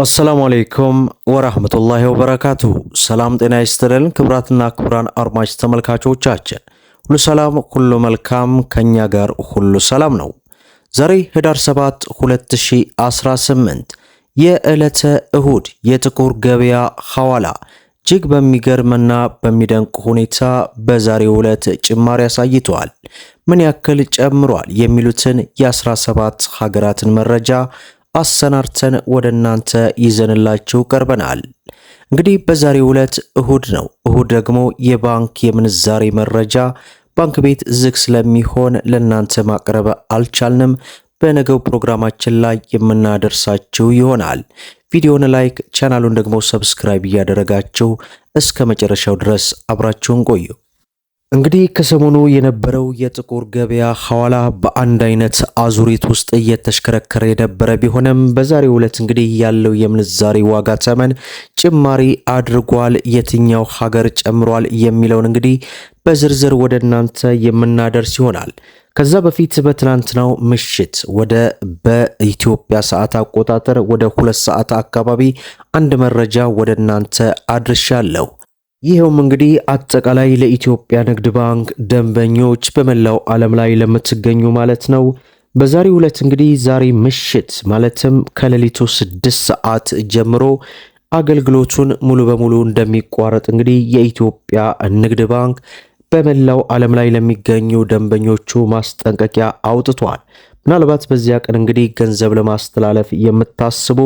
አሰላሙ አሌይኩም ወራህመቱላሂ ወበረካቱ። ሰላም ጤና ይስጥልን ክብራትና ክብራን አድማጭ ተመልካቾቻችን ሁሉ ሰላም ሁሉ መልካም፣ ከኛ ጋር ሁሉ ሰላም ነው። ዛሬ ህዳር 7 2018 የዕለተ እሁድ የጥቁር ገበያ ሐዋላ እጅግ በሚገርምና በሚደንቅ ሁኔታ በዛሬው ዕለት ጭማሪ አሳይቷል። ምን ያክል ጨምሯል የሚሉትን የ17 ሀገራትን መረጃ አሰናርተን ወደ እናንተ ይዘንላችሁ ቀርበናል። እንግዲህ በዛሬው ዕለት እሁድ ነው። እሁድ ደግሞ የባንክ የምንዛሬ መረጃ ባንክ ቤት ዝግ ስለሚሆን ለእናንተ ማቅረብ አልቻልንም። በነገው ፕሮግራማችን ላይ የምናደርሳችሁ ይሆናል። ቪዲዮውን ላይክ፣ ቻናሉን ደግሞ ሰብስክራይብ እያደረጋችሁ እስከ መጨረሻው ድረስ አብራችሁን ቆዩ። እንግዲህ ከሰሞኑ የነበረው የጥቁር ገበያ ሐዋላ በአንድ አይነት አዙሪት ውስጥ እየተሽከረከረ የነበረ ቢሆንም በዛሬው ዕለት እንግዲህ ያለው የምንዛሬ ዋጋ ተመን ጭማሪ አድርጓል። የትኛው ሀገር ጨምሯል የሚለውን እንግዲህ በዝርዝር ወደ እናንተ የምናደርስ ይሆናል። ከዛ በፊት በትናንትናው ምሽት ወደ በኢትዮጵያ ሰዓት አቆጣጠር ወደ ሁለት ሰዓት አካባቢ አንድ መረጃ ወደ እናንተ አድርሻለሁ። ይኸውም እንግዲህ አጠቃላይ ለኢትዮጵያ ንግድ ባንክ ደንበኞች በመላው ዓለም ላይ ለምትገኙ ማለት ነው። በዛሬው ዕለት እንግዲህ ዛሬ ምሽት ማለትም ከሌሊቱ ስድስት ሰዓት ጀምሮ አገልግሎቱን ሙሉ በሙሉ እንደሚቋረጥ እንግዲህ የኢትዮጵያ ንግድ ባንክ በመላው ዓለም ላይ ለሚገኙ ደንበኞቹ ማስጠንቀቂያ አውጥቷል። ምናልባት በዚያ ቀን እንግዲህ ገንዘብ ለማስተላለፍ የምታስቡ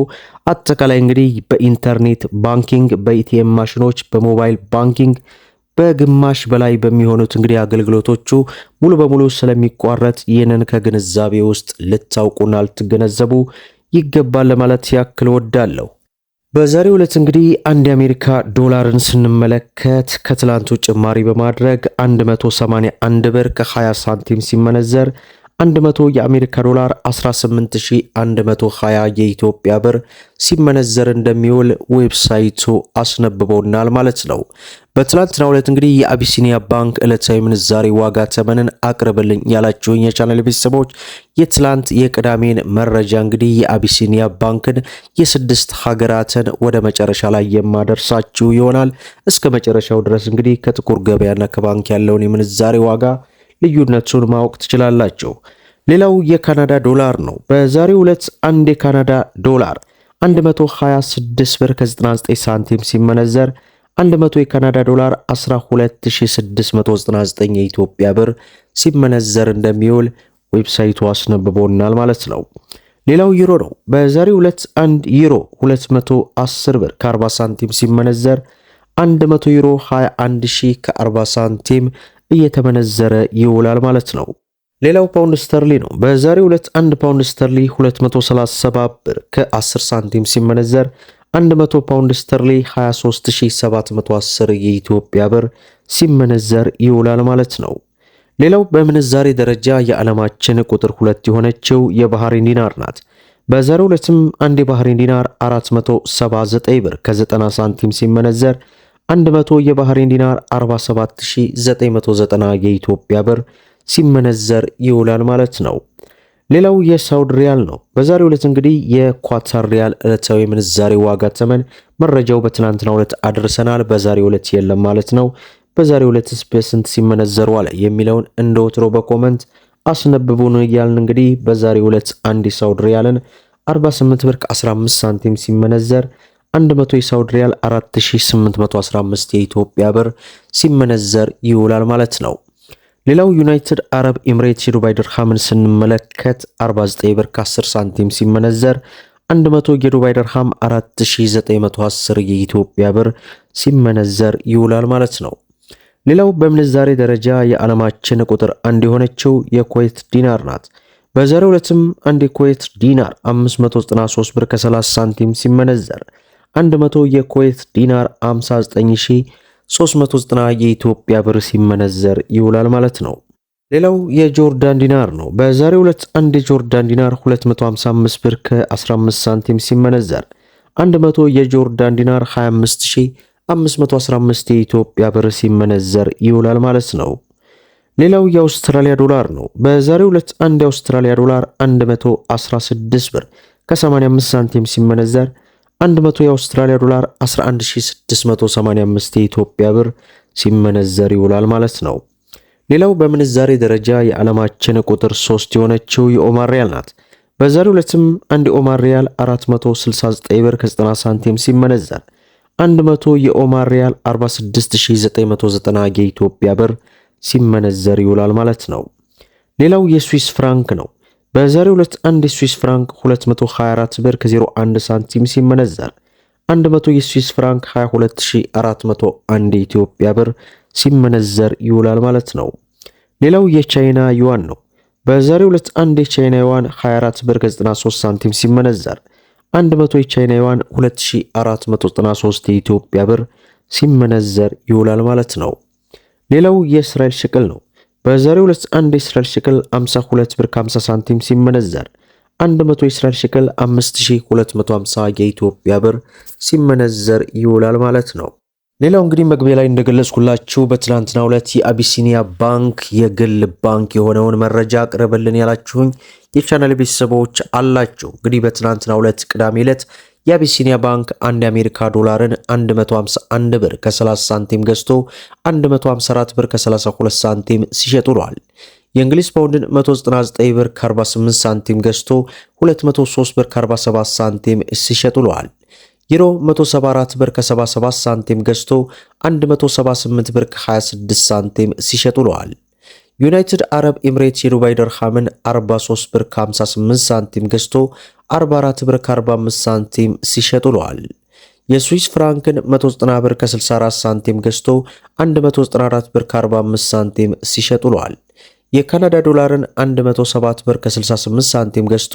አጠቃላይ እንግዲህ በኢንተርኔት ባንኪንግ፣ በኢቲኤም ማሽኖች፣ በሞባይል ባንኪንግ በግማሽ በላይ በሚሆኑት እንግዲህ አገልግሎቶቹ ሙሉ በሙሉ ስለሚቋረጥ ይህንን ከግንዛቤ ውስጥ ልታውቁና ልትገነዘቡ ይገባል ለማለት ያክል ወዳለሁ። በዛሬው ዕለት እንግዲህ አንድ የአሜሪካ ዶላርን ስንመለከት ከትላንቱ ጭማሪ በማድረግ 181 ብር ከ20 ሳንቲም ሲመነዘር 100 የአሜሪካ ዶላር 18120 የኢትዮጵያ ብር ሲመነዘር እንደሚውል ዌብሳይቱ አስነብቦናል ማለት ነው። በትላንትናው ዕለት እንግዲህ የአቢሲኒያ ባንክ ዕለታዊ ምንዛሬ ዋጋ ተመንን አቅርብልኝ ያላችሁኝ የቻናል ቤተሰቦች የትላንት የቅዳሜን መረጃ እንግዲህ የአቢሲኒያ ባንክን የስድስት ሀገራትን ወደ መጨረሻ ላይ የማደርሳችሁ ይሆናል። እስከ መጨረሻው ድረስ እንግዲህ ከጥቁር ገበያና ከባንክ ያለውን የምንዛሬ ዋጋ ልዩነቱን ማወቅ ትችላላችሁ። ሌላው የካናዳ ዶላር ነው። በዛሬው ዕለት አንድ የካናዳ ዶላር 126 ብር ከ99 ሳንቲም ሲመነዘር 100 የካናዳ ዶላር 12699 የኢትዮጵያ ብር ሲመነዘር እንደሚውል ዌብሳይቱ አስነብቦናል ማለት ነው። ሌላው ዩሮ ነው። በዛሬው ዕለት 1 ዩሮ 210 ብር ከ40 ሳንቲም ሲመነዘር 100 ዩሮ ከ40 ሳንቲም እየተመነዘረ ይውላል ማለት ነው። ሌላው ፓውንድ ስተርሊ ነው። በዛሬው ዕለት 1 ፓውንድ ስተርሊ 237 ብር ከ10 ሳንቲም ሲመነዘር 100 ፓውንድ ስተርሊ 23710 የኢትዮጵያ ብር ሲመነዘር ይውላል ማለት ነው። ሌላው በምንዛሬ ደረጃ የዓለማችን ቁጥር ሁለት የሆነችው የባህሬን ዲናር ናት። በዛሬው ዕለትም አንድ የባህሬን ዲናር 479 ብር ከ90 ሳንቲም ሲመነዘር 100 የባህሬን ዲናር 47990 የኢትዮጵያ ብር ሲመነዘር ይውላል ማለት ነው። ሌላው የሳውድ ሪያል ነው። በዛሬው ዕለት እንግዲህ የኳታር ሪያል ዕለታዊ ምንዛሬ ዋጋ ተመን መረጃው በትናንትናው ዕለት አድርሰናል። በዛሬው ዕለት የለም ማለት ነው። በዛሬው ዕለትስ በስንት ሲመነዘር አለ የሚለውን እንደ ወትሮ በኮመንት አስነብቡን እያልን እንግዲህ በዛሬው ዕለት አንድ የሳውድ ሪያልን 48 ብር ከ15 ሳንቲም ሲመነዘር 100 የሳውዲ ሪያል 4815 የኢትዮጵያ ብር ሲመነዘር ይውላል ማለት ነው። ሌላው ዩናይትድ አረብ ኤምሬትስ የዱባይ ድርሃምን ስንመለከት 49 ብር ከ10 ሳንቲም ሲመነዘር 100 የዱባይ ድርሃም 4910 የኢትዮጵያ ብር ሲመነዘር ይውላል ማለት ነው። ሌላው በምንዛሬ ደረጃ የዓለማችን ቁጥር አንድ የሆነችው የኩዌት ዲናር ናት። በዛሬው ዕለትም አንድ የኩዌት ዲናር 593 ብር ከ30 ሳንቲም ሲመነዘር 100 የኩዌት ዲናር 59390 የኢትዮጵያ ብር ሲመነዘር ይውላል ማለት ነው። ሌላው የጆርዳን ዲናር ነው። በዛሬው ዕለት አንድ የጆርዳን ዲናር 255 ብር ከ15 ሳንቲም ሲመነዘር 100 የጆርዳን ዲናር 25515 የኢትዮጵያ ብር ሲመነዘር ይውላል ማለት ነው። ሌላው የአውስትራሊያ ዶላር ነው። በዛሬው ዕለት አንድ የአውስትራሊያ ዶላር 116 ብር ከ85 ሳንቲም ሲመነዘር 100 የአውስትራሊያ ዶላር 11685 የኢትዮጵያ ብር ሲመነዘር ይውላል ማለት ነው። ሌላው በምንዛሬ ደረጃ የዓለማችን ቁጥር 3 የሆነችው የኦማር ሪያል ናት። በዛሬ ሁለትም አንድ የኦማር ሪያል 469 ብር ከ90 ሳንቲም ሲመነዘር 100 የኦማር ሪያል 46990 የኢትዮጵያ ብር ሲመነዘር ይውላል ማለት ነው። ሌላው የስዊስ ፍራንክ ነው። በዛሬው ዕለት አንድ የስዊስ ፍራንክ 224 ብር ከ01 ሳንቲም ሲመነዘር 100 የስዊስ ፍራንክ 22401 ኢትዮጵያ ብር ሲመነዘር ይውላል ማለት ነው። ሌላው የቻይና ዩዋን ነው። በዛሬው ዕለት አንድ የቻይና ዩዋን 24 ብር ከ93 ሳንቲም ሲመነዘር 100 የቻይና ዩዋን 2493 የኢትዮጵያ ብር ሲመነዘር ይውላል ማለት ነው። ሌላው የእስራኤል ሽቅል ነው። በዛሬው ዕለት አንድ የእስራኤል ሽክል 52 ብር 50 ሳንቲም ሲመነዘር 100 የእስራኤል ሽክል 5250 የኢትዮጵያ ብር ሲመነዘር ይውላል ማለት ነው። ሌላው እንግዲህ መግቢያ ላይ እንደገለጽኩላችሁ በትናንትናው ዕለት የአቢሲኒያ ባንክ የግል ባንክ የሆነውን መረጃ አቅርብልን ያላችሁኝ የቻናል ቤተሰቦች አላችሁ። እንግዲህ በትናንትናው ዕለት ቅዳሜ ዕለት የአቢሲኒያ ባንክ አንድ የአሜሪካ ዶላርን 151 ብር ከ30 ሳንቲም ገዝቶ 154 ብር ከ32 ሳንቲም ሲሸጥ ውሏል። የእንግሊዝ ፓውንድን 199 ብር ከ48 ሳንቲም ገዝቶ 203 ብር ከ47 ሳንቲም ሲሸጥ ውሏል። ዩሮ 174 ብር ከ77 ሳንቲም ገዝቶ 178 ብር ከ26 ሳንቲም ሲሸጥ ውሏል። ዩናይትድ አረብ ኤምሬት የዱባይ ደርሃምን 43 ብር ከ58 ሳንቲም ገዝቶ 44 ብር ከ45 ሳንቲም ሲሸጥ ውለዋል። የስዊስ ፍራንክን 190 ብር ከ64 ሳንቲም ገዝቶ 194 ብር ከ45 ሳንቲም ሲሸጥ ውለዋል። የካናዳ ዶላርን 107 ብር ከ68 ሳንቲም ገዝቶ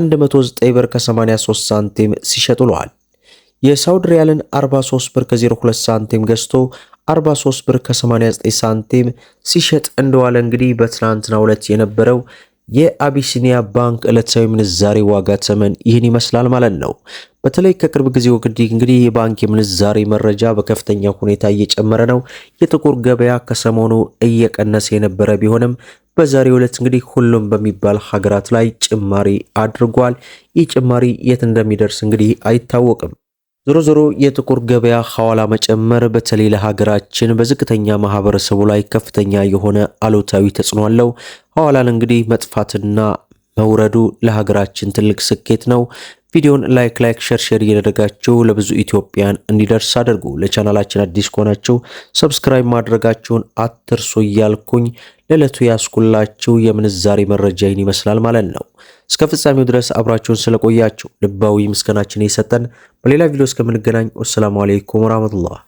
109 ብር ከ83 ሳንቲም ሲሸጥ ውለዋል። የሳውድ ሪያልን 43 ብር ከ02 ሳንቲም ገዝቶ 43 ብር ከ89 ሳንቲም ሲሸጥ እንደዋለ እንግዲህ በትናንትናው ዕለት የነበረው የአቢሲኒያ ባንክ ዕለታዊ ምንዛሬ ዋጋ ተመን ይህን ይመስላል ማለት ነው። በተለይ ከቅርብ ጊዜ ወግዲ እንግዲህ የባንክ የምንዛሬ መረጃ በከፍተኛ ሁኔታ እየጨመረ ነው። የጥቁር ገበያ ከሰሞኑ እየቀነሰ የነበረ ቢሆንም በዛሬው ዕለት እንግዲህ ሁሉም በሚባል ሀገራት ላይ ጭማሪ አድርጓል። ይህ ጭማሪ የት እንደሚደርስ እንግዲህ አይታወቅም። ዞሮ ዞሮ የጥቁር ገበያ ሐዋላ መጨመር በተለይ ለሀገራችን በዝቅተኛ ማህበረሰቡ ላይ ከፍተኛ የሆነ አሉታዊ ተጽዕኖ አለው። ሐዋላን እንግዲህ መጥፋትና መውረዱ ለሀገራችን ትልቅ ስኬት ነው። ቪዲዮን ላይክ ላይክ ሸር ሸር እያደረጋችሁ ለብዙ ኢትዮጵያን እንዲደርስ አድርጉ። ለቻናላችን አዲስ ከሆናችሁ ሰብስክራይብ ማድረጋችሁን አትርሱ እያልኩኝ ለዕለቱ ያስኩላችሁ የምንዛሬ መረጃ ይህን ይመስላል ማለት ነው። እስከ ፍጻሜው ድረስ አብራችሁን ስለቆያችሁ ልባዊ ምስጋናችን የሰጠን። በሌላ ቪዲዮ እስከምንገናኝ ወሰላሙ አሌይኩም ወራህመቱላህ